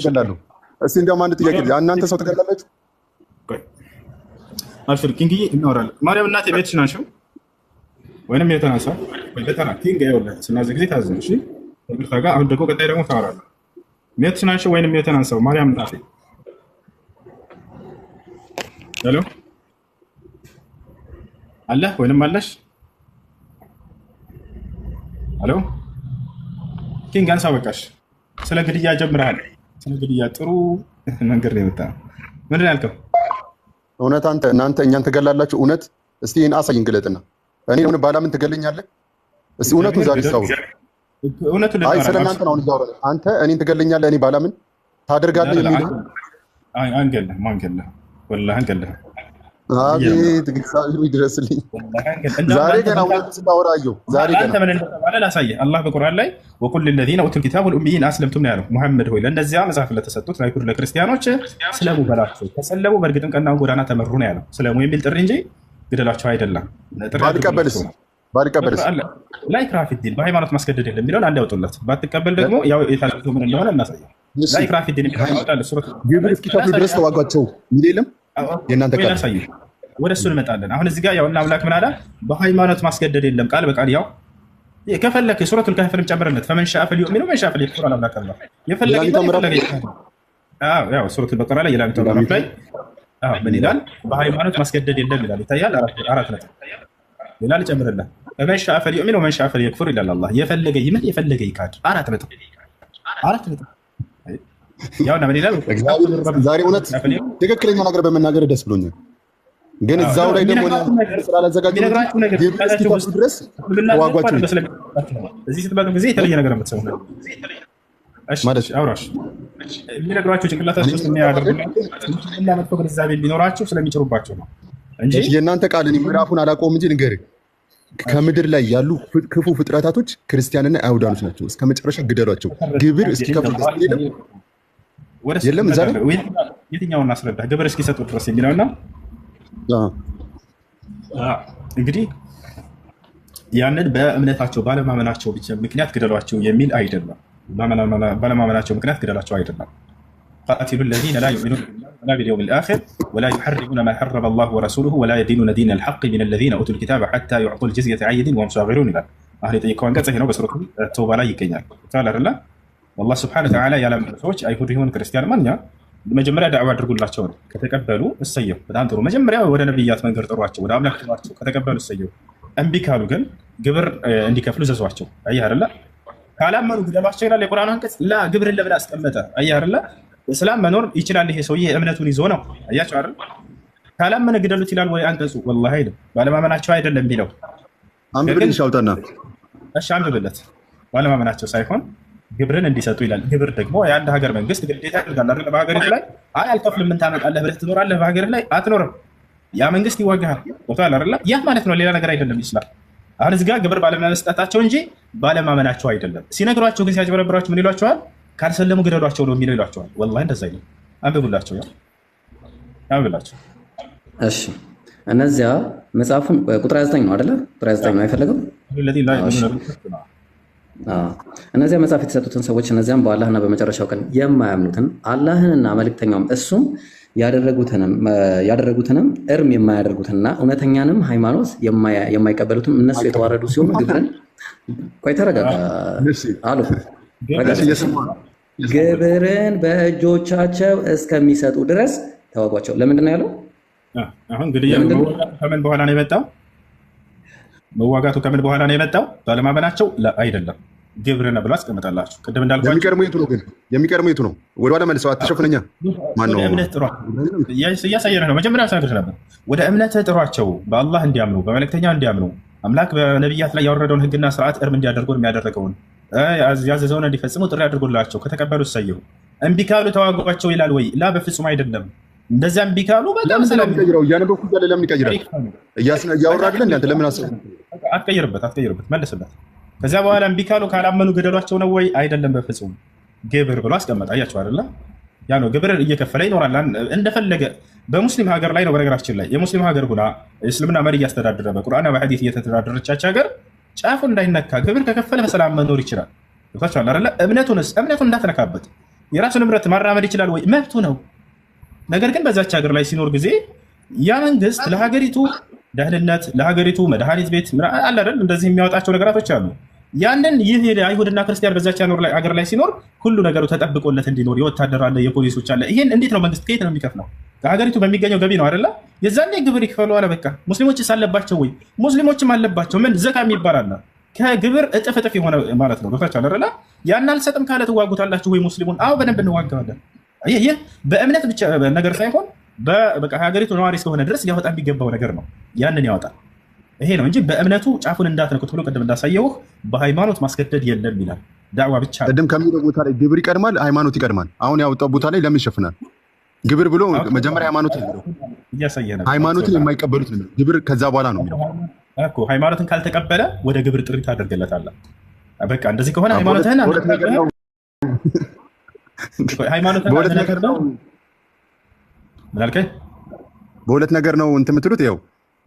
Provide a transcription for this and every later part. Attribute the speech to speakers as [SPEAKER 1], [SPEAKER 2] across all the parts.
[SPEAKER 1] ይችላሉ። እስቲ እንዲያውም አንድ ጥያቄ እናንተ ሰው ትገላላችሁ?
[SPEAKER 2] አልፍር ኪንግዬ እናወራለን። ማርያም እናቴ ቤትሽ ናቸው ወይንም የተናሳ ለተና ኪንግ ይኸውልህ፣ ስናዘ ጊዜ ታዘን እሺ፣ ይቅርታ ጋር አሁን ደግሞ ቀጣይ ደግሞ ታወራለ ቤትሽ ናቸው ወይንም የተናሳው ማርያም እናቴ ሄሎ አለ ወይንም አለሽ? ሄሎ ኪንግ አንሳ፣ በቃሽ። ስለ ግድያ ጀምረሃል። ግድያ እያጥሩ መንገድ ነው ላይ ነው። ምንድን ያልከው እውነት? አንተ እናንተ እኛን ትገላላችሁ? እውነት እስቲ ይህን አሳይን፣ ግለጥና እኔ ሆነ ባላምን ትገልኛለህ? እስቲ እውነቱን ዛሬ ሳውር እውነቱን አይ፣ ስለ እናንተ ነው አሁን። አንተ እኔን ትገልኛለህ፣ እኔ ባላምን ታደርጋለህ የሚል አንገለህም፣ አንገለህም፣ ወላሂ አንገለህም አቤት እግዚአብሔር ይድረስልኝ። ዛሬ ገና ሁለት ስናወራ ዛሬ ገና አንተ ምን እንደተባለ ላሳየ አላህ በቁርአን ላይ ወቁል ለዚነ ኡቱል ኪታብ ወልኡሚይን አስለምቱም ነው ያለው። ሙሐመድ ሆይ ለእነዚያ መጽሐፍ ለተሰጡት ለአይሁድ ለክርስቲያኖች ስለሙ በላቸው። ተሰለሙ በእርግጥም ቀና ጎዳና ተመሩ ነው ያለው። ስለሙ የሚል ጥሪ እንጂ ግደላቸው አይደለም። ባልቀበልስ ባልቀበልስ ላይ ክራፊዲን በሃይማኖት ማስገደድ የለም የሚለውን አንድ ያውጡለት። ባትቀበል ደግሞ ያው የታዘዘው ምን እንደሆነ እናሳየው። ላይ ክራፊዲን የሚል ሃይማኖት አለ። ሱረት ጅብሪል ኪታብ ድረስ ተዋጓቸው የሚል የለም የእናንተ ቃል ያሳዩ ወደ እሱ እንመጣለን። አሁን እዚህ ጋር ያው እና አምላክ ምን አለ? በሃይማኖት ማስገደድ የለም ቃል በቃል ያው ከፈለክ ሱረቱል ካህፍንም ጨምርነት ፈመን ሻአ ፈልዩእሚን ወመን ሻአ ፈልየክፉር አለ አምላክ አላህ የፈለገ ሱረቱል በቀራ ላይ የላሚቱ ምዕራፍ ላይ ምን ይላል? በሃይማኖት ማስገደድ የለም ይላል። ይታያል። አራት ነጥብ ሌላ ልጨምርልህ። ፈመን ሻአ ፈልዩእሚን ወመን ሻአ ፈልየክፉር ይላል አላህ። የፈለገ ይመን የፈለገ ይካድ። አራት ነጥብ አራት ነጥብ ዛሬ እውነት ትክክለኛ ነገር በመናገር ደስ ብሎኛል። ግን እዛው ላይ ደግሞ ስላላዘጋጀሁ ድረስ እዚህ ስትመጡ ጊዜ የተለየ ነገር የምትሰሙ አውራሽ የሚነግሯቸው ጭንቅላታቸው መጥፎ ግንዛቤ ስለሚጭሩባቸው ነው እንጂ የእናንተ ቃልን ምዕራፉን አላውቀውም እንጂ ንገር ከምድር ላይ ያሉ ክፉ ፍጥረታቶች ክርስቲያንና አይሁዳኖች ናቸው። እስከ መጨረሻ ግደሏቸው ግብር እስኪከፍል የለም የትኛውን አስረዳ ግብር እስኪሰጡ ድረስ የሚለው እና እንግዲህ ያንን በእምነታቸው ባለማመናቸው ብቻ ምክንያት ግደሏቸው የሚል አይደለም። ባለማመናቸው ምክንያት ግደሏቸው አይደለም። ቃቲሉ ለዚነ ላ ዩሚኑን ላ ቢልየውም ልአኪር ወላ ዩሐርሙነ ማ ሐረመ ላሁ ወረሱሉሁ ወላ የዲኑነ ዲን ልሐቅ ምን ለዚነ ኡቱ ልኪታብ ሓታ ዩዕጡ ልጅዝየተ አን የዲን ወም ሳቢሩን ይላል። አሁን የጠየቀው አንቀጽ ይሄ ነው። በሱረቱ ተውባ ላይ ይገኛል ታል አላህ ስብሐነሁ ወተዓላ ያላመኑ ሰዎች አይሁድ ይሁን ክርስቲያን ማንኛ መጀመሪያ ዳዕዋ አድርጉላቸው ነው። ከተቀበሉ እሰየው፣ በጣም ጥሩ። መጀመሪያ ወደ ነብያት መንገድ ጥሯቸው፣ ወደ አምላክ ጥሯቸው። ከተቀበሉ እሰየው። እምቢ ካሉ ግን ግብር እንዲከፍሉ ዘዟቸው። አየህ አይደለ? ካላመኑ ግደሏቸው ይላል የቁርአን አንቀጽ። ላ ግብር ለምን አስቀመጠ? አየህ አይደለ? እስላም መኖር ይችላል ይሄ ሰውዬ እምነቱን ይዞ ነው። አያቸው አይደል? ካላመነ ግደሉት ይላል ወይ አንቀጹ? ወላሂ አይደለም፣ ባለማመናቸው አይደለም የሚለው አንብብልሽ አውጣና፣ እሺ አንብብለት፣ ባለማመናቸው ሳይሆን ግብርን እንዲሰጡ ይላል። ግብር ደግሞ የአንድ ሀገር መንግስት ግዴታ ያደርጋል አይደል? በሀገሪቱ ላይ አይ አልከፍልም ምን ታመጣለህ ብለህ ትኖራለህ? በሀገርህ ላይ አትኖርም። ያ መንግስት ይዋጋሃል። ቦታ አይደለ? ያ ማለት ነው። ሌላ ነገር አይደለም። ይችላል አሁን እዚህ ጋር ግብር ባለመስጠታቸው እንጂ ባለማመናቸው አይደለም። ሲነግሯቸው ግን ሲያጭበረብሯቸው ምን ይሏቸዋል? ካልሰለሙ ግደሏቸው ነው የሚለው ይሏቸዋል። ወላሂ እንደዛ ነው። አንብቡላቸው፣ አንብላቸው። እሺ እነዚያ መጽሐፉን ቁጥር 9 ነው አይደለ? ቁጥር 9 ነው አይፈለግም እነዚያ መጽሐፍ የተሰጡትን ሰዎች እነዚያም በአላህና በመጨረሻው ቀን የማያምኑትን አላህንና መልክተኛውም እሱም ያደረጉትንም እርም የማያደርጉትንና እውነተኛንም ሃይማኖት የማይቀበሉትም እነሱ የተዋረዱ ሲሆኑ ግብርን ቆይ ተረጋጋ አሉ ግብርን በእጆቻቸው እስከሚሰጡ ድረስ ተዋጓቸው። ለምንድን ነው ያለው? አሁን ግድያ ከምን በኋላ ነው የመጣው? መዋጋቱ ከምን በኋላ ነው የመጣው? ባለማመናቸው አይደለም። ገብረና ብሎ አስቀምጣላችሁ። ቅድም እንዳልኳችሁ የቱ ነው ግን? የሚቀድመው የቱ ነው? ወደኋላ መልሰው አትሸፍነኛ። ማነው እያሳየን ነው? መጀመሪያ ሳድር ነበር። ወደ እምነት ጥሯቸው፣ በአላህ እንዲያምኑ፣ በመልእክተኛ እንዲያምኑ፣ አምላክ በነቢያት ላይ ያወረደውን ህግና ስርዓት እርም እንዲያደርጉ የሚያደረገውን ያዘዘውን እንዲፈጽሙ ጥሪ አድርጎላቸው ከተቀበሉ ሰየው። እምቢ ካሉ ተዋጓቸው ይላል ወይ? ላ በፍጹም አይደለም። እንደዚያ እምቢ ካሉ በጣም ሰላም እያነበኩ ለምን ይቀይራል? እያወራ አይደለ? አትቀይርበት? አትቀይርበት፣ መልስበት ከዚያ በኋላ እምቢ ካሉ ካላመኑ ገደሏቸው ነው ወይ? አይደለም፣ በፍጹም ግብር ብሎ አስቀመጠ። አያቸው አይደለ? ያ ነው ግብር እየከፈለ ይኖራል እንደፈለገ። በሙስሊም ሀገር ላይ ነው በነገራችን ላይ የሙስሊም ሀገር ሁና እስልምና መሪ እያስተዳደረ በቁርአንና በሐዲት እየተተዳደረቻች ሀገር ጫፉ እንዳይነካ ግብር ከከፈለ በሰላም መኖር ይችላል። ገብታችኋል አለ እምነቱንስ እምነቱን እንዳትነካበት የራሱን እምረት ማራመድ ይችላል ወይ? መብቱ ነው። ነገር ግን በዛች ሀገር ላይ ሲኖር ጊዜ ያ መንግስት ለሀገሪቱ ደህንነት ለሀገሪቱ መድኃኒት ቤት አለ እንደዚህ የሚያወጣቸው ነገራቶች አሉ። ያንን ይህ አይሁድና ክርስቲያን በዛች ያኖር አገር ላይ ሲኖር ሁሉ ነገሩ ተጠብቆለት እንዲኖር የወታደር አለ፣ የፖሊሶች አለ። ይህን እንዴት ነው መንግስት ከየት ነው የሚከፍለው? ከሀገሪቱ በሚገኘው ገቢ ነው አይደለ? የዛኔ ግብር ይክፈሉ አለ። በቃ ሙስሊሞችስ አለባቸው ወይ? ሙስሊሞችም አለባቸው። ምን ዘካ የሚባል አለ ከግብር እጥፍ እጥፍ የሆነ ማለት ነው። ገብታችኋል አይደለ? ያን አልሰጥም ካለ ትዋጉታላችሁ ወይ ሙስሊሙን? አዎ በደንብ እንዋጋለን። ይህ በእምነት ብቻ ነገር ሳይሆን ሀገሪቱ ነዋሪ እስከሆነ ድረስ ሊያወጣ የሚገባው ነገር ነው። ያንን ያወጣል። ይሄ ነው እንጂ በእምነቱ ጫፉን እንዳትነኩት ብሎ ቅድም እንዳሳየውህ በሃይማኖት ማስገደድ የለም ይላል። ዳዕዋ ብቻ ቅድም ከሚለው ቦታ ላይ ግብር ይቀድማል፣ ሃይማኖት ይቀድማል። አሁን ያወጣው ቦታ ላይ ለምን ይሸፍናል? ግብር ብሎ መጀመሪያ ሃይማኖት ሃይማኖትን የማይቀበሉት ግብር ከዛ በኋላ ነው የሚለው እኮ ሃይማኖትን ካልተቀበለ ወደ ግብር ጥሪ ታደርግለታለህ። በቃ እንደዚህ ከሆነ ሃይማኖትህን ነገር ነው ምን አልከኝ? በሁለት ነገር ነው እንትን የምትሉት ይኸው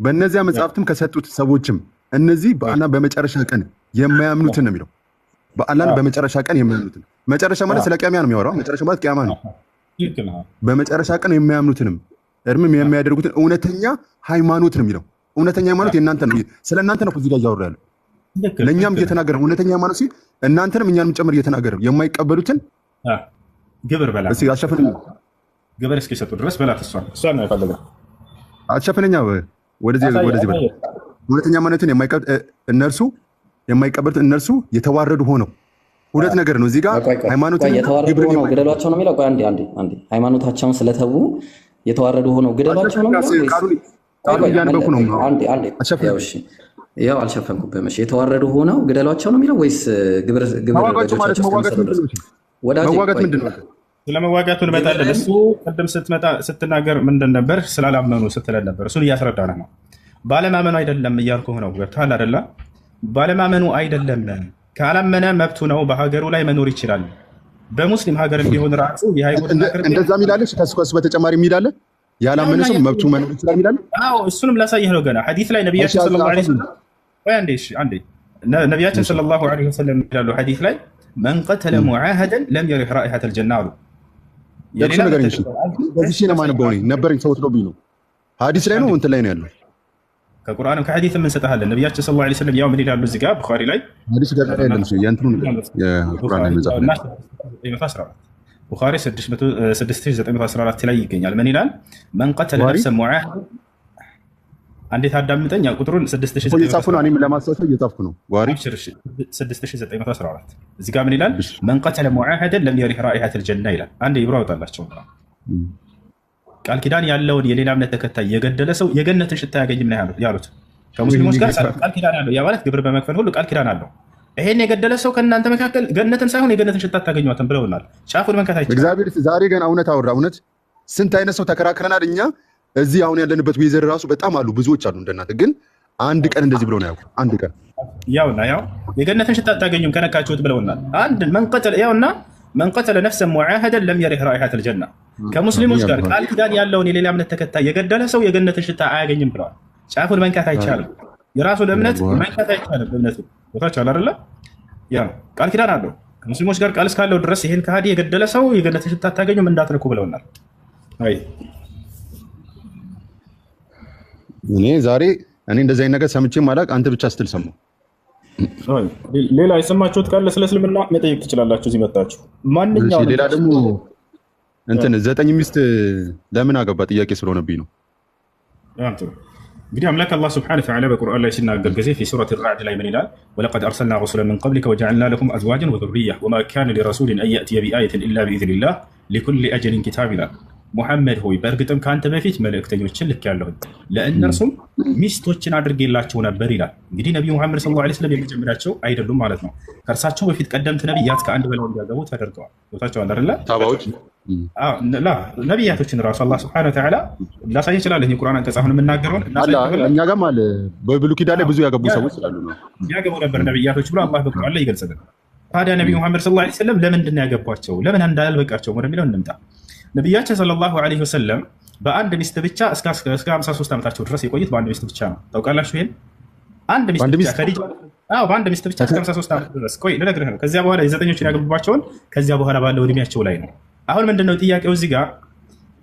[SPEAKER 2] በእነዚያ መጽሐፍትም ከሰጡት ሰዎችም እነዚህ በአላህን በመጨረሻ ቀን የማያምኑትን ነው የሚለው። በአላህን በመጨረሻ ቀን የማያምኑትን መጨረሻ ማለት ስለ ቅያሚያ ነው የሚያወራው። መጨረሻ ማለት ቅያማ ነው። በመጨረሻ ቀን የማያምኑትንም እርምም የሚያደርጉትን እውነተኛ ሃይማኖት ነው የሚለው። እውነተኛ ሃይማኖት የእናንተ ነው። ስለ እናንተ ነው እዚህ ጋር እያወራ ያለው። ለእኛም እየተናገረ እውነተኛ ሃይማኖት ሲል እናንተንም እኛንም ጭምር እየተናገረ የማይቀበሉትን ግብር በላ አሸፍን ገበሬ እስኪሰጡ ድረስ በላት። እሷን እሷን ነው የፈለገው። አትሸፍነኛ ወደዚህ ወደዚህ በላ። ሁለተኛ ማነቱን እነርሱ የማይቀበሉት እነርሱ የተዋረዱ ሆነው ሁለት ነገር ነው። እዚህ ጋር ሃይማኖትን ግደሏቸው ነው የሚለው። አንዴ አንዴ አንዴ ሃይማኖታቸውን ስለተዉ የተዋረዱ ሆነው ግደሏቸው ነው ያው አልሸፈንኩብህም። እሺ የተዋረዱ ሆነው ግደሏቸው ነው የሚለው ወይስ ግብር ግብር ወዳጅ መዋጋት ምንድን ነው? ስለመዋጋቱ እንመጣለን። እሱ ቅድም ስትናገር ምንድን ነበር? ስላላመኑ ስትለን ነበር። እሱን እያስረዳን ነው። ባለማመኑ አይደለም እያልኩ ነው። ገብቶሃል አይደለ? ባለማመኑ አይደለም። ካላመነ መብቱ ነው፣ በሀገሩ ላይ መኖር ይችላል። በሙስሊም ሀገር ቢሆን ራሱ እንደዛ የሚላለ ከሱ በተጨማሪ የሚላለ ያላመነ ሰው መብቱ መኖር ይችላል የሚላለ። እሱንም ላሳይህ ነው። ገና ሐዲስ ላይ ነቢያችን ነቢያችን ሰለላሁ ዐለይሂ ወሰለም ይላሉ ሐዲስ ላይ መን ቀተለ ሙዓሀደን ለም የሪሕ ራኢሐተል ጀና አሉ ደርሶ ነገር በዚህ ሲነማ ነበው ነበረኝ ሰው ወስዶብኝ ነው። ሀዲስ ላይ ነው እንትን ላይ ነው ያለው። ከቁርአንም ከሐዲስ እንሰጥሃለን። ነቢያችን ሰለላሁ ዐለይሂ ወሰለም ያው ምን ይላሉ? እዚህ ጋር ቡኻሪ ላይ ሐዲስ ጋር ያለም ነው ያንትኑ የቁርአን ላይ መጻፍ ነው። ቡኻሪ 6914 ላይ ይገኛል። ምን ይላል? መን ቀተለ ነፍሰን ሙዓሃ አንዴት አዳምጠኝ። ቁጥሩን እየጻፉ ነው። እኔም ለማሳሰብ እየጻፍኩ ነው። 6914 እዚህ ጋር ምን ይላል? መን ቀተለ ሙዓሀደን ለም የሪህ ራኢሀተል ጀና ይላል። አንዴ ይብሮ ያወጣላቸው ቃል ኪዳን ያለውን የሌላ እምነት ተከታይ የገደለ ሰው የገነትን ሽታ አያገኝም ነው ያሉት። ከሙስሊሞች ጋር ቃል ኪዳን አለው። ያ ማለት ግብር በመክፈል ሁሉ ቃል ኪዳን አለው። ይሄን የገደለ ሰው ከእናንተ መካከል ገነትን ሳይሆን የገነትን ሽታ ታገኟትን ብለውናል። ጫፉን መንከታቸው። እግዚአብሔር ዛሬ ገና እውነት አወራ። እውነት ስንት አይነት ሰው ተከራክረናል እኛ እዚህ አሁን ያለንበት ዌዘር ራሱ በጣም አሉ ብዙዎች አሉ እንደናንተ ግን አንድ ቀን እንደዚህ ብለው ነው ያውቁ። አንድ ቀን ያውና ያው የገነትን ሽታ አታገኙም ከነካችሁት ብለውናል። አንድ መንቀተል ያውና መንቀተለ ነፍሰን ሙዓሀደን ለም የሪህ ራኢሐት አልጀና ከሙስሊሞች ጋር ቃል ኪዳን ያለውን የሌላ እምነት ተከታይ የገደለ ሰው የገነትን ሽታ አያገኝም ብለዋል። ጫፉን መንካት አይቻልም። የራሱን እምነት መንካት አይቻልም። እምነቱ ቦታች አለ አለ ቃል ኪዳን አለው ከሙስሊሞች ጋር ቃል እስካለው ድረስ ይህን ከሃዲ የገደለ ሰው የገነትን ሽታ አታገኙም እንዳትንኩ ብለውናል። አይ እኔ ዛሬ እኔ እንደዚህ አይነት ነገር ሰምቼ ማላቅ አንተ ብቻ ስትል ሰማሁ። ሌላ የሰማችሁት ካለ ስለ እስልምና መጠየቅ ትችላላችሁ። እዚህ መጣችሁ ማንኛውም ሌላ ደግሞ እንትን ዘጠኝ ሚስት ለምን አገባ ጥያቄ ስለሆነብኝ ነው። እንግዲህ አምላክ አላህ ስብሐነሁ ወተዓላ በቁርአን ላይ ሲናገር ጊዜ ፊ ሱረት ራዕድ ላይ ምን ይላል? ወለቀድ አርሰልና ረሱለ ምን ቀብሊከ ወጀዐልና ለኩም አዝዋጀን ወዙርያ ወማ ካነ ሊረሱልን አን የእትየ ቢአየትን ኢላ ቢኢዝኒላህ ሊኩሊ አጀሊን ኪታብ ይላል። ሙሐመድ ሆይ በእርግጥም ከአንተ በፊት መልእክተኞችን ልክ ያለሁኝ ለእነርሱም ሚስቶችን አድርጌላቸው ነበር ይላል። እንግዲህ ነቢዩ ሙሐመድ ሰለላሁ ዓለይሂ ወሰለም የመጀመሪያቸው አይደሉም ማለት ነው። ከእርሳቸው በፊት ቀደምት ነቢያት ከአንድ በላይ እንዲያገቡ ተደርገዋል። ቦታቸው አለ ነቢያቶችን ራሱ አላህ ስብሐነ ወተዓላ ላሳይ ይችላል። ይህ ቁርአን አንቀጽ አሁን የምናገረውን እኛ ጋም አለ። በብሉይ ኪዳን ላይ ብዙ ያገቡ ሰዎች ስላሉ ነው ያገቡ ነበር ነቢያቶች ብሎ አላህ በቁርአን ላይ ይገልጽልን። ታዲያ ነቢዩ ሙሐመድ ሰለላሁ ዓለይሂ ወሰለም ለምንድን ነው ያገቧቸው? ለምን እንዳልበቃቸው ወደሚለው እንምጣ። ነቢያችን ሰለላሁ ዐለይሂ ወሰለም በአንድ ሚስት ብቻ እስከ 53 ዓመታቸው ድረስ የቆዩት በአንድ ሚስት ብቻ ነው። ታውቃላችሁ ይሄን? አንድ ሚስት ብቻ ከዲጃ አዎ፣ በአንድ ሚስት ብቻ እስከ 53 ዓመት ድረስ ቆይ፣ ልነግርህ ነው። ከዚያ በኋላ የዘጠኞቹን ያገቡባቸውን ከዚያ በኋላ ባለው እድሜያቸው ላይ ነው። አሁን ምንድነው ጥያቄው እዚህ ጋር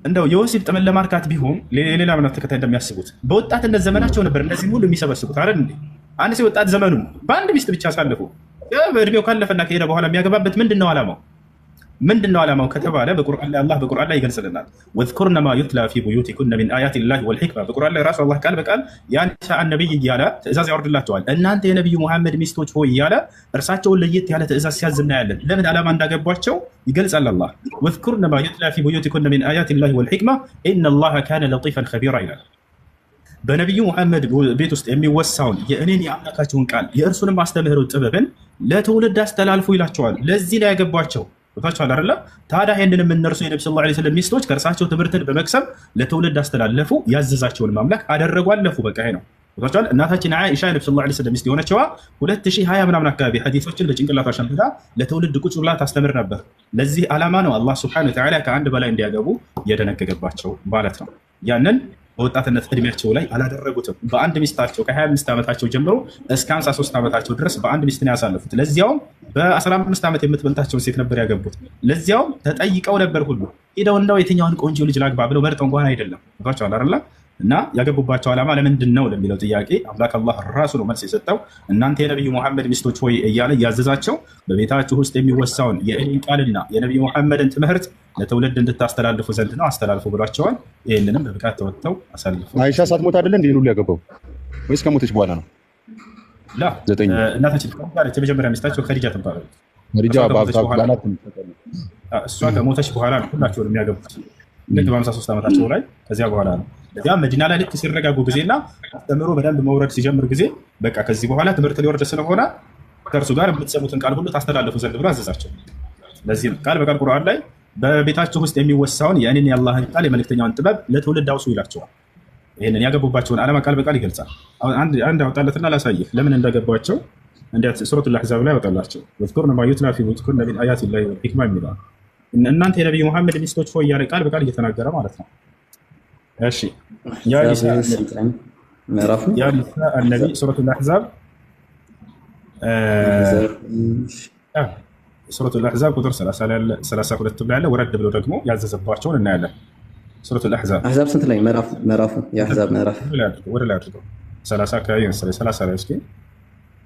[SPEAKER 2] እንደው የወሲብ ጥምን ለማርካት ቢሆን ሌላ እምነት ተከታይ እንደሚያስቡት በወጣትነት ዘመናቸው ነበር እነዚህም ሁሉ የሚሰበስቡት አይደል እንዴ? አንድ ሴ ወጣት ዘመኑን በአንድ ሚስት ብቻ አሳልፉ እድሜው ካለፈና ከሄደ በኋላ የሚያገባበት ምንድን ነው አላማው? ምንድን ነው ዓላማው ከተባለ በቁርአን ላይ አላህ በቁርአን ላይ ይገልጽልናል። ወዝኩርነ ማ ዩትላ ፊ ቡዩቲኩነ ሚን አያቲላሂ ወልሒክማ በቁርአን ላይ ራሱ አላህ ቃል በቃል ያንሻ ነቢይ እያለ ትእዛዝ ያወርድላቸዋል። እናንተ የነቢዩ መሐመድ ሚስቶች ሆይ እያለ እርሳቸውን ለየት ያለ ትእዛዝ ሲያዝ እናያለን። ለምን ዓላማ እንዳገቧቸው ይገልጻል አላህ። ወዝኩርነ ማ ዩትላ ፊ ቡዩቲኩነ ሚን አያቲላሂ ወልሒክማ ኢነላሃ ካነ ለጢፈን ኸቢራ ይላል። በነቢዩ መሐመድ ቤት ውስጥ የሚወሳውን የእኔን የአምላካቸውን ቃል የእርሱንም አስተምህሮት ጥበብን ለትውልድ አስተላልፉ ይላቸዋል። ለዚህ ላይ ያገቧቸው ቦታቸዋል አለ። ታዲያ ይህንንም እነርሱ የነቢ ስ ላ ስለም ሚስቶች ከእርሳቸው ትምህርትን በመቅሰም ለትውልድ አስተላለፉ። ያዘዛቸውን ማምላክ አደረጉ፣ አለፉ። በቃ ይሄ ነው ቦታቸዋል። እናታችን ኢሻ ነቢ ስ ላ ስለም ሚስት የሆነችዋ 2020 ምናምን አካባቢ ሀዲሶችን በጭንቅላቷ ሸምዳ ለትውልድ ቁጭ ብላ ታስተምር ነበር። ለዚህ ዓላማ ነው አላህ ስብሐነሁ ወተዓላ ከአንድ በላይ እንዲያገቡ የደነገገባቸው ማለት ነው ያንን በወጣትነት እድሜያቸው ላይ አላደረጉትም። በአንድ ሚስታቸው ከ25 ዓመታቸው ጀምሮ እስከ 53 ዓመታቸው ድረስ በአንድ ሚስት ነው ያሳለፉት። ለዚያውም በ15 ዓመት የምትበልጣቸውን ሴት ነበር ያገቡት። ለዚያውም ተጠይቀው ነበር ሁሉ ሄደው እንደው የትኛውን ቆንጆ ልጅ ላግባ ብለው መርጠው እንኳን አይደለም ባቸው አላ እና ያገቡባቸው ዓላማ ለምንድን ነው ለሚለው ጥያቄ አምላክ አላህ ራሱ ነው መልስ የሰጠው። እናንተ የነቢዩ መሐመድ ሚስቶች ሆይ እያለ እያዘዛቸው በቤታችሁ ውስጥ የሚወሳውን የእኔን ቃልና የነቢዩ መሐመድን ትምህርት ለትውልድ እንድታስተላልፉ ዘንድ ነው አስተላልፉ ብሏቸዋል። ይህንንም በብቃት ተወጥተው አሳልፉ። አይሻ ሳትሞት አይደለ እንዲህ ሉ ያገባው ወይስ ከሞተች በኋላ ነው? እናታችን የመጀመሪያ ሚስታቸው ከዲጃ ትባላለች። እሷ ከሞተች በኋላ ነው ሁላቸውን የሚያገቡት ልክ በሀምሳ ሦስት ዓመታቸው ላይ ከዚያ በኋላ ነው። ያ መዲና ላይ ልክ ሲረጋጉ ጊዜና አስተምሮ በደንብ መውረድ ሲጀምር ጊዜ በቃ ከዚህ በኋላ ትምህርት ሊወርድ ስለሆነ ከእርሱ ጋር የምትሰሙትን ቃል ሁሉ ታስተላልፉ ዘንድ ብሎ አዘዛቸው። ለዚህ ቃል በቃል ቁርአን ላይ በቤታቸው ውስጥ የሚወሳውን የእኔን የአላህን ቃል የመልክተኛውን ጥበብ ለትውልድ አውሱ ይላቸዋል። ይህንን ያገቡባቸውን ዓላማ ቃል በቃል ይገልጻል። አንድ አውጣለትና ላሳይህ ለምን እንደገባቸው እንዴት ሱረቱል አሕዛብ ላይ ያወጣላቸው ወዝኩርነ ማ ዩትላ ፊ ቡዩቲክነ ሚን አያቲ ላሂ ወል ሒክማ እናንተ የነቢዩ መሐመድ ሚስቶች ሆይ እያለ ቃል በቃል እየተናገረ ማለት ነው። እሺ ያ ኒሳ ነቢ ሱረቱል አሕዛብ ሱረቱል አሕዛብ ቁጥር 30 ሁለትም ላይ አለ። ወረድ ብሎ ደግሞ ያዘዘባቸውን እናያለን። ሱረቱል አሕዛብ አሕዛብ ስንት ላይ ምዕራፉ? የአሕዛብ ምዕራፍ ወደ ላይ አድርገው ሰላሳ አካባቢ መሰለኝ። ሰላሳ ላይ እስኪ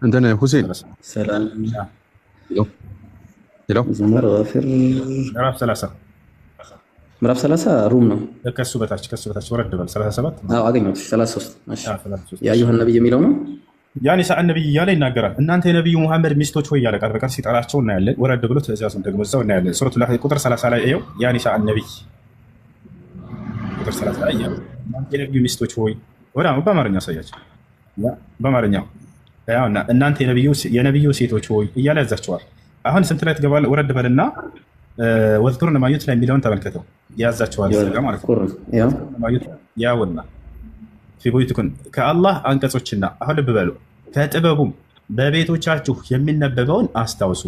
[SPEAKER 2] እንትን ሁሴን ምዕራፍ ሰላሳ ምዕራፍ ሰላሳ ሩም ነው። ከሱ በታች ከሱ በታች ወረድ በል ሰላሳ ሰባት አገኘሁት። ሰላሳ ሶስት ያ ዮሐን ነብይ የሚለው ነው ያ ኒሳ ነቢይ እያለ ይናገራል። እናንተ የነቢዩ ሙሐመድ ሚስቶች ሆይ እያለ ቃል በቃል ሲጠራቸው እናያለን። ወረድ ብሎ ትእዛዙን ደግሞ እዛው እናያለን። ሱረቱ ላ ቁጥር 30 ላይ ው ያ ኒሳ ነቢይ ቁጥር 30 ላይ የነቢዩ ሚስቶች ሆይ ወደ በአማርኛ ያሳያቸው በአማርኛ እናንተ የነቢዩ ሴቶች ሆይ እያለ ያዛቸዋል። አሁን ስንት ላይ ትገባለህ? ወረድ በልና ወዝኩርነ ማ ላይ የሚለውን ተመልከተው ያዛቸዋል ማለት ነው። ያውና ፊቡዩትኩም ከአላህ አንቀጾችና አሁን ልብ በሉ ከጥበቡም በቤቶቻችሁ የሚነበበውን አስታውሱ።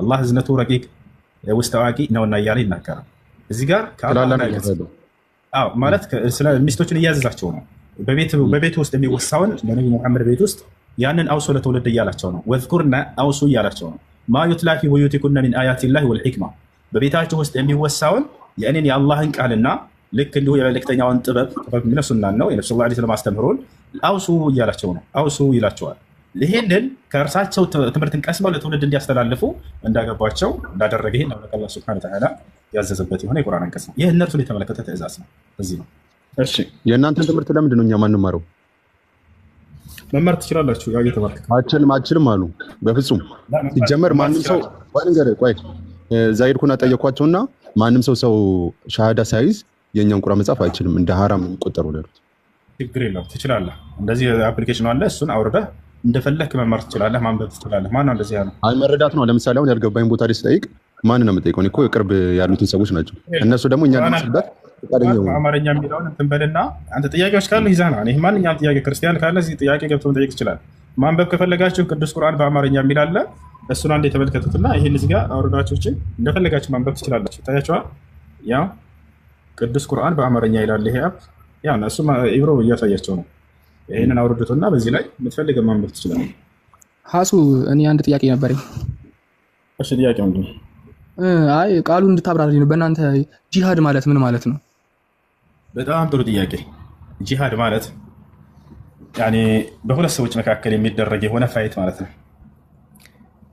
[SPEAKER 2] አላህ እዝነቱ ረቂቅ ውስጥ አዋቂ ነውና እያለ ይናገራል። እዚህ ጋር ማለት ሚስቶችን እያዘዛቸው ነው። በቤት ውስጥ የሚወሳውን በነቢ ሙሐመድ ቤት ውስጥ ያንን አውሶ ለትውልድ እያላቸው ነው። ወዝኩርነ አውሱ እያላቸው ነው። ማ ዩትላ ፊ ቡዩቲኩነ ሚን አያቲላሂ ወልሒክማ በቤታችሁ ውስጥ የሚወሳውን የእኔን የአላህን ቃልና ልክ እንዲሁ የመልእክተኛውን ጥበብ ጥበብ የሚለው ሱናን ነው የነብስ ላ ስለም አስተምህሮን አውሱ እያላቸው ነው አውሱ ይላቸዋል። ይህንን ከእርሳቸው ትምህርትን ቀስመው ለትውልድ እንዲያስተላልፉ እንዳገባቸው እንዳደረገ ይህን አላህ ሱብሃነሁ ወተዓላ ያዘዘበት የሆነ የቁርአን አንቀጽ ነው። ይህ እነርሱን የተመለከተ ትእዛዝ ነው። እዚህ ነው። እሺ የእናንተን ትምህርት ለምንድን ነው እኛ ማንማረው? መማር ትችላላችሁ። ያው እየተማርክ አችልም አችልም አሉ። በፍጹም ሲጀመር ማንም ሰው ቆይ ንገር ቆይ እዛ ሄድኩና ጠየኳቸውና ማንም ሰው ሰው ሻሃዳ ሳይዝ የእኛን ቁራ መጻፍ አይችልም። እንደ ሀራም የሚቆጠሩ ለሉት ችግር የለው ትችላለህ። እንደዚህ አፕሊኬሽን አለ። እሱን አውርደህ እንደፈለክ መማር ትችላለህ፣ ማንበብ ትችላለህ። ማነው እንደዚህ ያለው? አይ መረዳት ነው። ለምሳሌ አሁን ያልገባኝ ቦታ ላይ ስጠይቅ ማን ነው የምጠይቀው? እኮ የቅርብ ያሉትን ሰዎች ናቸው። እነሱ ደግሞ እኛ ለመስበት ፈቃደኛ አማርኛ የሚለውን እንትን በልና አንተ ጥያቄዎች ካሉ ይዛህ ነው። ይህ ማንኛውም ጥያቄ ክርስቲያን ካለ እዚህ ጥያቄ ገብቶ መጠየቅ ትችላለህ። ማንበብ ከፈለጋችሁ ቅዱስ ቁርአን በአማርኛ የሚል አለ። እሱን አንድ የተመልከቱትና ይህን እዚህ ጋር አውርዳችሁ እንደፈለጋችሁ ማንበብ ትችላላችሁ። ታያችኋል ያው ቅዱስ ቁርአን በአማርኛ ይላል ይሄ አፕ ያ እሱ ኢብሮ እያሳያቸው ነው። ይህንን አውርዱትና በዚህ ላይ የምትፈልገ ማንበብ ትችላል። ሀሱ እኔ አንድ ጥያቄ ነበረኝ። እሺ ጥያቄ ምንድን ነው? አይ ቃሉ እንድታብራሪ ነው። በእናንተ ጂሃድ ማለት ምን ማለት ነው? በጣም ጥሩ ጥያቄ። ጂሃድ ማለት በሁለት ሰዎች መካከል የሚደረግ የሆነ ፋይት ማለት ነው።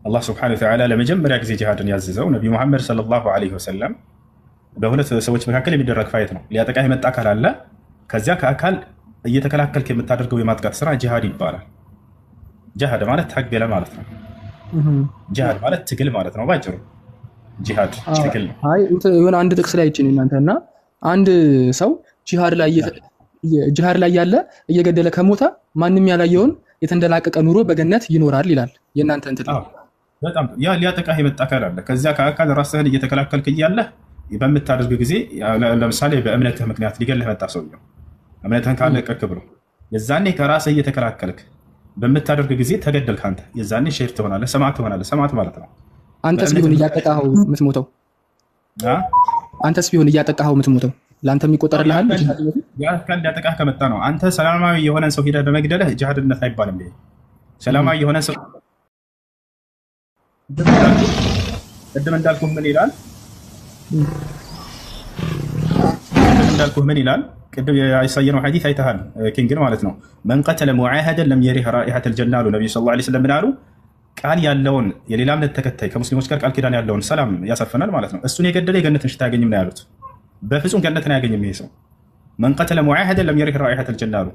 [SPEAKER 2] አላህ ስብሐነሁ ወተዓላ ለመጀመሪያ ጊዜ ጂሃድን ያዘዘው ነቢ ሙሐመድ ሰለላሁ ዐለይሂ ወሰለም በሁለት ሰዎች መካከል የሚደረግ ፋይት ነው። ሊያጠቃ የመጣ አካል አለ። ከዚያ ከአካል እየተከላከልክ የምታደርገው የማጥቃት ስራ ጂሃድ ይባላል። ጂሃድ ማለት ታገለ ማለት ነው። ጂሃድ ማለት ትግል ማለት ነው። ባጭሩ ጂሃድ ትግል ነው። የሆነ አንድ ጥቅስ ላይ ይችን እናንተ እና አንድ ሰው ጂሃድ ላይ ያለ እየገደለ ከሞተ ማንም ያላየውን የተንደላቀቀ ኑሮ በገነት ይኖራል ይላል። የእናንተ እንትን በጣም ያ ሊያጠቃህ የመጣ አካል አለ። ከዚያ ከአካል ራስህን እየተከላከልክ እያለህ በምታደርግ ጊዜ ለምሳሌ በእምነትህ ምክንያት ሊገልህ መጣ ሰውየው እምነትህን ካለቀክ ብሎ የዛኔ ከራስህ እየተከላከልክ በምታደርግ ጊዜ ተገደልክ አንተ የዛኔ ሼር ትሆናለህ ሰማዕት ትሆናለህ ሰማዕት ማለት ነው አንተስ ቢሆን እያጠቃኸው የምትሞተው አንተስ ቢሆን እያጠቃኸው የምትሞተው ለአንተ የሚቆጠርልሃል ሊያጠቃህ ከመጣ ነው አንተ ሰላማዊ የሆነን ሰው ሂደህ በመግደልህ ጅሃድነት አይባልም ሰላማዊ የሆነ ሰው ቅድም እንዳልኩህ ምን ይላል እንዳልኩህ ምን ይላል ቅድም ያሳየነው ሐዲስ አይተሃል ኪንግን ማለት ነው። መንቀተለ ሙዓሃደን ለም የሪህ ራኢሐተል ጀና አሉ ነቢዩ ሰለላሁ ዐለይሂ ወሰለም ምን አሉ? ቃል ያለውን የሌላ እምነት ተከታይ ከሙስሊሞች ጋር ቃል ኪዳን ያለውን ሰላም ያሰፍናል ማለት ነው። እሱን የገደለ የገነትን ሽታ አያገኝም ነው ያሉት። በፍጹም ገነትን አያገኝም ይሄ ሰው። መንቀተለ ሙዓሃደን ለም የሪህ ራኢሐተል ጀና አሉ።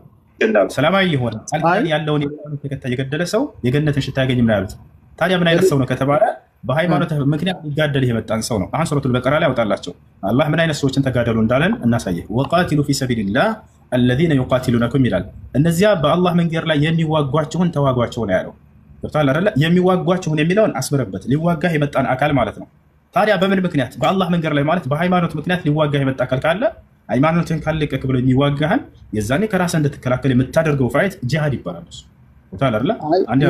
[SPEAKER 2] ሰላማዊ የሆነ ቃል ያለውን የሌላ እምነት ተከታይ የገደለ ሰው የገነትን ሽታ አያገኝም ነው ያሉት። ታዲያ ምን አይነት ሰው ነው ከተባለ በሃይማኖት ምክንያት ሊጋደል የመጣን ሰው ነው። አሁን ሱረቱል በቀራ ላይ ያወጣላቸው አላህ ምን አይነት ሰዎችን ተጋደሉ እንዳለን እናሳየ። ወቃቲሉ ፊ ሰቢልላህ አለዚነ ዩቃቲሉነኩም ይላል። እነዚያ በአላህ መንገድ ላይ የሚዋጓችሁን ተዋጓቸው ነው ያለው። ገብቷል አይደለ? የሚዋጓችሁን የሚለውን አስምረበት። ሊዋጋህ የመጣን አካል ማለት ነው። ታዲያ በምን ምክንያት? በአላህ መንገድ ላይ ማለት በሃይማኖት ምክንያት ሊዋጋህ የመጣ አካል ካለ ሃይማኖትን ካለቀክ ብሎ የሚዋጋህን የዛኔ ከራስህ እንድትከላከል የምታደርገው ፋይት ጂሃድ ይባላል እሱ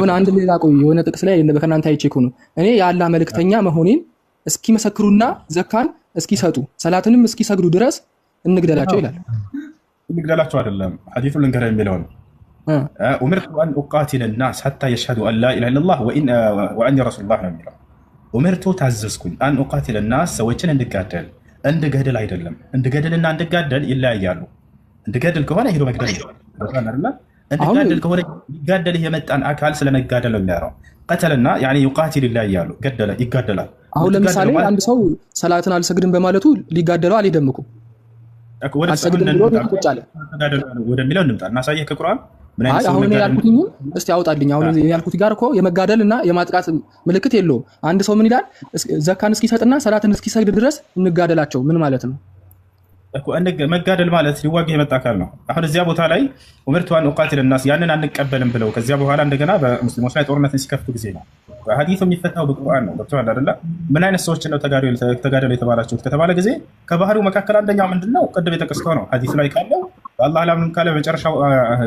[SPEAKER 2] ሆነ አንድ ሌላ ቆይ የሆነ ጥቅስ ላይ ከእናንተ አይቼ ነው እኔ የአላህ መልእክተኛ መሆኔን እስኪመሰክሩና ዘካን እስኪሰጡ ሰላትንም እስኪሰግዱ ድረስ እንግደላቸው ይላል። እንግደላቸው አይደለም ሐዲሱ ልንገራ የሚለው ነው። ኡምርቱ አን ኡቃቲለ ናስ ሐታ የሽሀዱ አን ላኢላሃ ኢለላህ ወአኒ ረሱሉላህ ነው የሚለው። ኡምርቱ ታዘዝኩኝ፣ አን ኡቃቲለ ናስ ሰዎችን እንድጋደል እንድገድል አይደለም። እንድገድልና እንድጋደል ይለያያሉ። እንድገድል ከሆነ ሄዶ መግደል እንድጋደል ከሆነ ይጋደልህ የመጣን አካል ስለመጋደል ነው የሚያወራው። ቀተልና ዩቃቲል ላ እያሉ ገደለ ይጋደላል። አሁን ለምሳሌ አንድ ሰው ሰላትን አልሰግድም በማለቱ ሊጋደለው አልደምቁም ወደሚለው እንምጣ። እናሳየህ ከቁርአን አሁን ያልኩትኝ እስቲ አውጣልኝ። አሁን ያልኩት ጋር እኮ የመጋደል እና የማጥቃት ምልክት የለውም። አንድ ሰው ምን ይላል? ዘካን እስኪሰጥና ሰላትን እስኪሰግድ ድረስ እንጋደላቸው ምን ማለት ነው? መጋደል ማለት ሊዋጋ የመጣ አካል ነው። አሁን እዚያ ቦታ ላይ ኡምርቱ አን ኡቃቲለ ናስ ያንን አንቀበልም ብለው ከዚያ በኋላ እንደገና በሙስሊሞች ላይ ጦርነትን ሲከፍቱ ጊዜ ነው። ሀዲቱ የሚፈታው በቁርአን ነው። ገብተዋል አይደለ? ምን አይነት ሰዎች ነው ተጋደሉ የተባላችሁት ከተባለ ጊዜ ከባህሪው መካከል አንደኛው ምንድን ነው? ቅድም የጠቀስከው ነው። ሀዲቱ ላይ ካለው በአላህ አላምንም ካለ፣ በመጨረሻው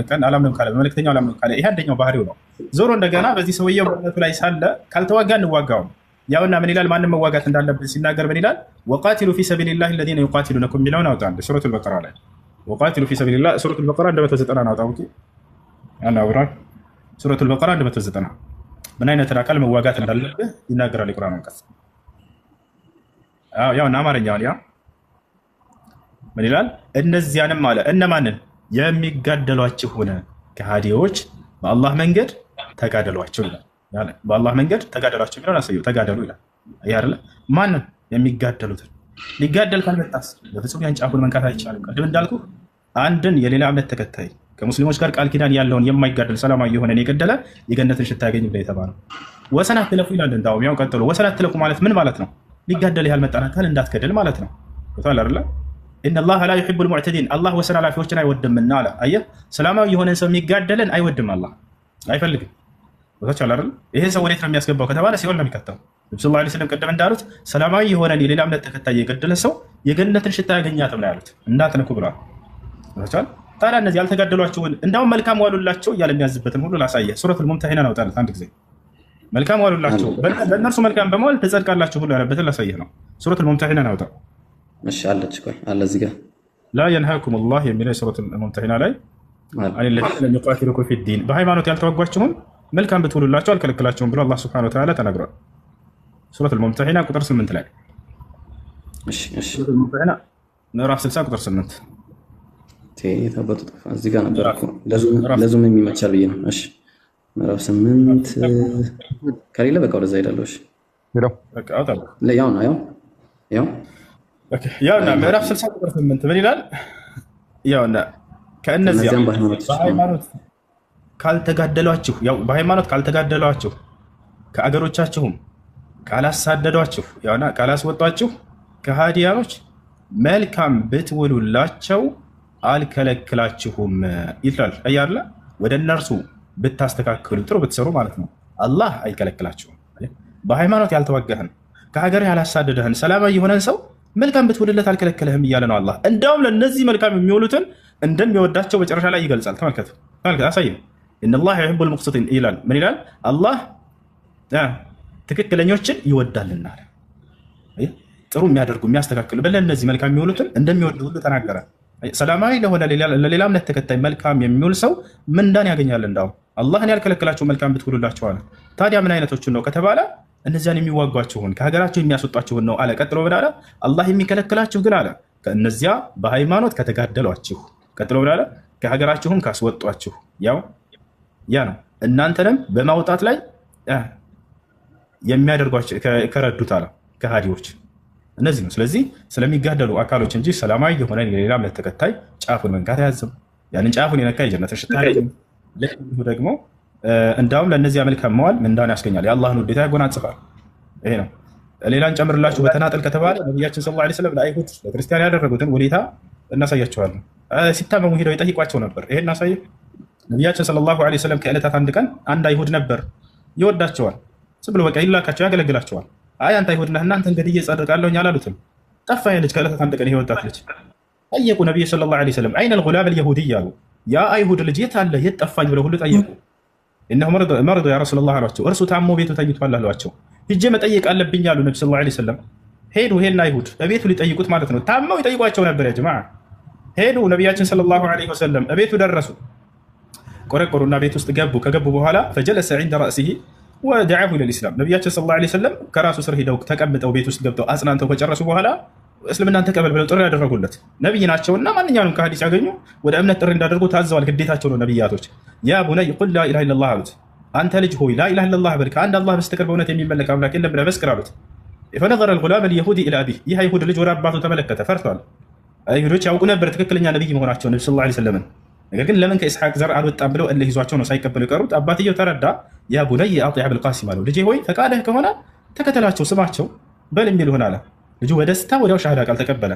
[SPEAKER 2] ቀን አላምንም ካለ፣ በመልእክተኛው አላምንም ካለ፣ ይሄ አንደኛው ባህሪው ነው። ዞሮ እንደገና በዚህ ሰውየው በእምነቱ ላይ ሳለ ካልተዋጋ እንዋጋውም ያውና ምን ይላል? ማንም መዋጋት እንዳለብን ሲናገር ምን ይላል? ወቃትሉ ፊ ሰቢልላህ ለዚነ ዩቃቲሉነኩም የሚለውን አውጣ። ሱረቱል በቀራ ላይ ወቃትሉ ፊ ሰቢልላህ ሱረቱል በቀራ 190 አውጣ። ኦኬ አናውራ ሱረቱል በቀራ 190 ምን አይነት አካል መዋጋት እንዳለብህ ይናገራል የቁርአን አንቀጽ። ያውና አማርኛውን ያ ምን ይላል? እነዚያንም አለ እነማንን የሚጋደሏችሁ ሆነ ከሃዲዎች በአላህ መንገድ ተጋደሏቸው ይላል። በአላህ መንገድ ተጋደሏቸው የሚለውን አሳየው። ተጋደሉ ይላል። ያለ አይደለ ማንም የሚጋደሉትን ሊጋደል ካልመጣስ በፍጹም ጫፉን መንካት አይቻልም። ቅድም እንዳልኩ አንድን የሌላ እምነት ተከታይ ከሙስሊሞች ጋር ቃል ኪዳን ያለውን የማይጋደል ሰላማዊ የሆነን የገደለ የገነትን ሽታ ያገኝ ብለ የተባለው ወሰናት ትለፉ ይላል። እንዳውም ያው ቀጥሎ ወሰናት ትለፉ ማለት ምን ማለት ነው? ሊጋደል ያህል መጣን አካል እንዳትገደል ማለት ነው። ታል አለ ኢነላህ ላ ዩሒቡል ሙዕተዲን አላህ ወሰን አላፊዎችን አይወድምና አለ። አየህ ሰላማዊ የሆነን ሰው የሚጋደልን አይወድም አላህ አይፈልግም። ቦታቸው አላደለ ይሄ ሰው ወዴት ነው የሚያስገባው ከተባለ ሲሆን ነው የሚከተው። ነቢ ስ ላ ስለም ቅድም እንዳሉት ሰላማዊ የሆነ የሌላ እምነት ተከታይ የገደለ ሰው የገነትን ሽታ ያገኛትም ነው ያሉት። እንዳትነኩ ብለዋል። ታቸዋል ታዲያ እነዚህ ያልተጋደሏቸውን እንዳውም መልካም ዋሉላቸው እያለ የሚያዝበትን ሁሉ ላሳየ ሱረቱል ሙምተሒና ናውጣለት አንድ ጊዜ መልካም ዋሉላቸው በእነርሱ መልካም በመዋል ትጸድቃላችሁ ሁሉ ያለበትን ላሳየ ነው። ሱረቱል ሙምተሒና ናውጣ አለች አለዚህ ጋር ላ የንሃኩም ላህ የሚለው የሱረቱል ሙምተሒና ላይ አን ለዚነ ፊዲን በሃይማኖት ያልተዋጓችሁን መልካም ብትውሉላቸው አልከለከላቸውም ብሎ አላህ ስብሐነ ወተዓላ ተናግሯል። ሱረት አልሙምተሒና ቁጥር ስምንት ላይ ምዕራፍ ስልሳ ቁጥር ስምንት የታባቱ ጠፋ። እዚህ ጋር ነበር ለዙም የሚመቻል ብዬ ነው። እሺ ምዕራፍ ስምንት ከሌለ በቃ ወደዛ ሄዳለሁ። እሺ ያው ነው ያው ያው ያውና ምዕራፍ ስልሳ ቁጥር ስምንት ምን ይላል? ያውና ከእነዚያም በሃይማኖት ካልተጋደሏችሁ ያው በሃይማኖት ካልተጋደሏችሁ ከአገሮቻችሁም ካላሳደዷችሁ ያውና ካላስወጧችሁ ከሃዲያኖች መልካም ብትውሉላቸው አልከለክላችሁም ይላል። እያለ ወደ እነርሱ ብታስተካክሉ ጥሩ ብትሰሩ ማለት ነው። አላህ አይከለክላችሁም። በሃይማኖት ያልተዋጋህን ከሀገር ያላሳደደህን ሰላማዊ የሆነን ሰው መልካም ብትውልለት አልከለክልህም እያለ ነው አላህ። እንደውም ለእነዚህ መልካም የሚውሉትን እንደሚወዳቸው መጨረሻ ላይ ይገልጻል። ተመልከቱ፣ አሳይም ኢነላህ ዩሒቡል ሙቅሲጢን ይላል። ምን ይላል? አላህ ትክክለኞችን ይወዳልና ጥሩ የሚያደርጉ የሚያስተካክሉ ለእነዚህ መልካም የሚውሉትን እንደሚወድ ሁሉ ተናገረ። ሰላማዊ ለሆነ ለሌላ እምነት ተከታይ መልካም የሚውል ሰው ምንዳን ያገኛል። እንዳው አላህን ያልከለከላቸው መልካም ብትውሉላቸዋል። ታዲያ ምን አይነቶችን ነው ከተባለ እነዚያን የሚዋጓችሁን ከሀገራቸው የሚያስወጣችሁን ነው አለ። ቀጥሎ ምን አለ? አላህ የሚከለክላችሁ ግን አለ ከእነዚያ በሃይማኖት ከተጋደሏችሁ፣ ቀጥሎ ምን አለ? ከሀገራችሁም ካስወጧችሁ ያው ያ ነው እናንተንም በማውጣት ላይ የሚያደርጓቸው ከረዱት አለ ከሃዲዎች እነዚህ ነው። ስለዚህ ስለሚጋደሉ አካሎች እንጂ ሰላማዊ የሆነ የሌላ እምነት ተከታይ ጫፉን መንካት አያዝም። ያንን ጫፉን የነካ የጀነትን ሽታ ደግሞ እንዳውም ለእነዚህ መልካም መዋል ምንዳን ያስገኛል፣ የአላህን ውዴታ ያጎናጽፋል። ይሄ ነው። ሌላን ጨምርላችሁ በተናጠል ከተባለ ነቢያችን ሰለላሁ ዐለይሂ ወሰለም ለአይሁድ ለክርስቲያን ያደረጉትን ውዴታ እናሳያቸዋለን። ሲታመሙ ሄደው ይጠይቋቸው ነበር። ይሄ እናሳየህ ነቢያችን ሰለላሁ ዐለይሂ ወሰለም ከዕለታት አንድ ቀን አንድ አይሁድ ነበር። ይወዳቸዋል፣ ዝም ብሎ በቃ ይላካቸው፣ ያገለግላቸዋል። አይ አንተ አይሁድ ነህ እናንተ እንግዲህ እየጸድቃለሁኝ አላሉትም። ጠፋኝ ልጅ ከዕለታት አንድ ቀን ይሄ ወጣት ልጅ ጠየቁ። ነቢዩ ሰለላሁ ዐለይሂ ወሰለም አይነ ልጉላም ልየሁድይ አሉ። ያ አይሁድ ልጅ የት አለ የት ጠፋኝ ብለው ሁሉ ጠየቁ። እነሁ መርዶ ያ ረሱለላህ አሏቸው። እርሱ ታሞ ቤቱ ተኝቷል አሏቸው። ሂጄ መጠየቅ አለብኝ አሉ ነቢ ሰለላሁ ዐለይሂ ወሰለም። ሄዱ። ይሄን አይሁድ እቤቱ ሊጠይቁት ማለት ነው። ታመው ይጠይቋቸው ነበር። ያ ጀማዓ ሄዱ። ነቢያችን ሰለላሁ ዐለይሂ ወሰለም እቤቱ ደረሱ። ቆረቆሩና ቤት ውስጥ ገቡ። ከገቡ በኋላ ፈጀለሰ ዒንደ ረእሲሂ ወደዓሁ ኢለል ነቢያችን ሰለላሁ ዐለይሂ ወሰለም ከራሱ ስር ሂደው ተቀምጠው ቤት ውስጥ ገብተው አጽናንተው ከጨረሱ በኋላ እስልምናን ተቀበል ብለው ጥሪ ያደረጉለት ነቢይ ናቸውና ማንኛውንም ከሀዲስ ያገኙ ወደ እምነት ጥሪ እንዳደርጉ ታዘዋል። ግዴታቸው ነው። ነቢያቶች ያ ቡነይ ቁል ላ ኢላሃ ኢለላህ አሉት። አንተ ልጅ ሆይ ላ ኢለላህ በል፣ ከአንድ አላህ በስተቀር በእውነት የሚመለክ አምላክ የለም ብለህ መስክር አሉት። ፈነዘረ ልጉላም ልየሁዲ ኢላ አቢህ ይህ አይሁድ ልጅ ወደ አባቱ ተመለከተ፣ ፈርቷል። አይሁዶች ያውቁ ነበር ትክክለኛ ነቢይ መሆናቸው ነቢ ስ ላ ሰለምን ነገር ግን ለምን ከኢስሐቅ ዘር አልወጣም ብለው እልህ ይዟቸው ነው ሳይቀበሉ የቀሩት? አባትየው ተረዳ። ያ ቡነየ አጢዕ አብልቃሲም አለው፣ ልጄ ሆይ ፈቃድህ ከሆነ ተከተላቸው፣ ስማቸው በል የሚል ይሆን አለ። ልጁ በደስታ ወዲያው ሻሃዳ ቃል ተቀበለ።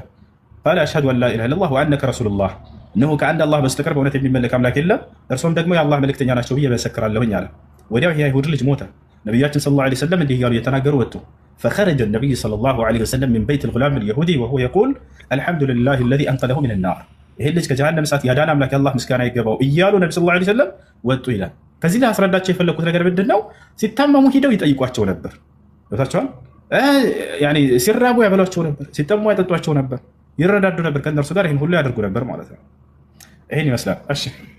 [SPEAKER 2] ቃለ አሽሀዱ አን ላኢላሃ ኢለላህ ወአነከ ረሱሉላህ፣ እነሆ ከአንድ አላህ በስተቀር በእውነት የሚመለክ አምላክ የለም፣ እርሶም ደግሞ የአላህ መልእክተኛ ናቸው ብዬ መሰክራለሁኝ አለ። ወዲያው የአይሁድ ልጅ ሞተ። ነቢያችን ሰለላሁ ዐለይሂ ወሰለም እንዲህ እያሉ እየተናገሩ ወጡ። فخرج النبي صلى الله عليه وسلم من بيت الغلام اليهودي وهو يقول الحمد لله الذي أنقذه من النار ይሄ ልጅ ከጀሃነም እሳት ያዳን አምላክ የአላ ምስጋና ይገባው እያሉ ነቢ ስ ላ ሰለም ወጡ ይላል። ከዚህ ላይ አስረዳቸው የፈለግኩት ነገር ምንድን ነው? ሲታመሙ ሂደው ይጠይቋቸው ነበር። ታቸዋል ሲራቡ ያበሏቸው ነበር፣ ሲጠሙ ያጠጧቸው ነበር፣ ይረዳዱ ነበር። ከእነርሱ ጋር ይህን ሁሉ ያደርጉ ነበር ማለት ነው። ይህን ይመስላል። እሺ